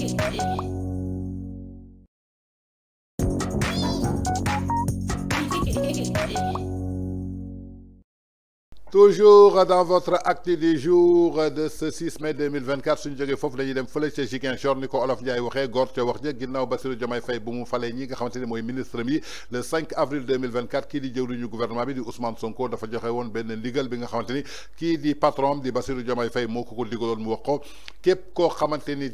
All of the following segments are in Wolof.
Thank you. toujours dans votre acte du jour de ce 6 mai 2024 suñu jógee foofu dañuy dem fële ca Ziguinchor ni ko olof Ndiaye waxee góor ca wax ja ginnaaw Bassirou Diomaye Faye bu mu ñi nga ministre mi le 5 avril 2024 kii di au gouvernement bi di Ousmane Sonko dafa joxe woon benn ndigal bi nga xamante ni kii di patron am di Bassirou Diomaye Faye moo ko ko digaloon mu wax ko képp koo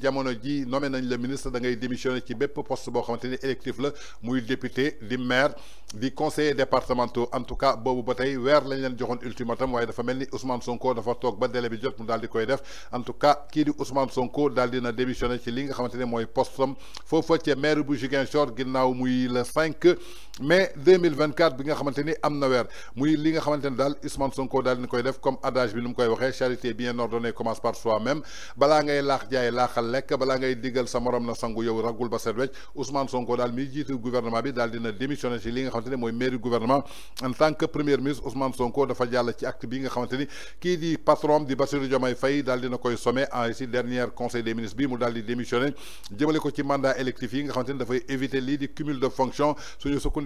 jamono ji nommé nañ le ministre da ngay démissionné ci est poste boo xamante électif la muy député di maire di conseiller départementaux en tout cas boobu Bataille vers weer lañ leen joxoon ultimatum itam waaye dafa mel ni Ousmane Sonko dafa toog ba délai bi jot mu daal di koy def en tout cas kii di Ousmane Sonko daal dina démissionné ci li nga xamante ne mooy postam foofa ca maire bu Ziguinchor ginnaaw muy le 5. mais 2024 bi nga xamanteni amna am na muy li nga xamanteni dal Ousmane Sonko dal ni koy def comme adage bi nu koy waxe charité bien ordonnée commence par soi-même bala ngay lax jaay laaxal lek bala ngay diggal sa morom na sangu yow ragul ba set Ousmane Sonko dal mi jiitu gouvernement bi dal dina démissionner. ci li nga xamanteni moy maire du gouvernement en tant que premier ministre Ousmane Sonko dafa jàll ci acte bi nga xamanteni ki di patron di Bassirou Diomaye Faye dal dina koy sommé en ici dernier conseil des ministres bi mu dal di démissionné jëmale ko ci mandat électif yi nga xamanteni da fay éviter li di cumul de fonctions suñu sukkandiku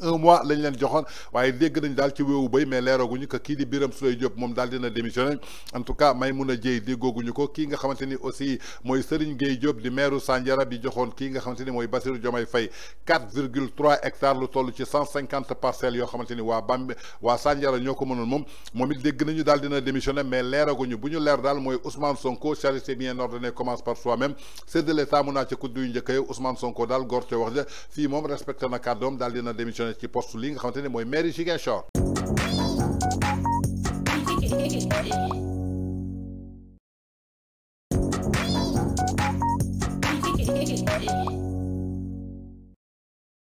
un mois lañ leen joxoon waaye dégg nañ daal ci wéewu béy mais leeraguñu que kii di Birame Souleye Diop moom daal dina démissionné en tout cas a Dièye déggooguñu ko kii nga xamante ni aussi mooy Serigne Gueye Diop di maire Sandiara bi joxoon kii nga xamante ni mooy Bassirou Diomaye Faye quatre lu toll ci cent cinquante parcelles yoo xamante ni waa Bambi waa Sandiara ñoo ko mënoon moom moom it dégg nañu daal dina démissionné mais leeraguñu bu ñu leer daal mooy Ousmane Sonko charité interessante que postulinga contenemoi meri shigesho. Thank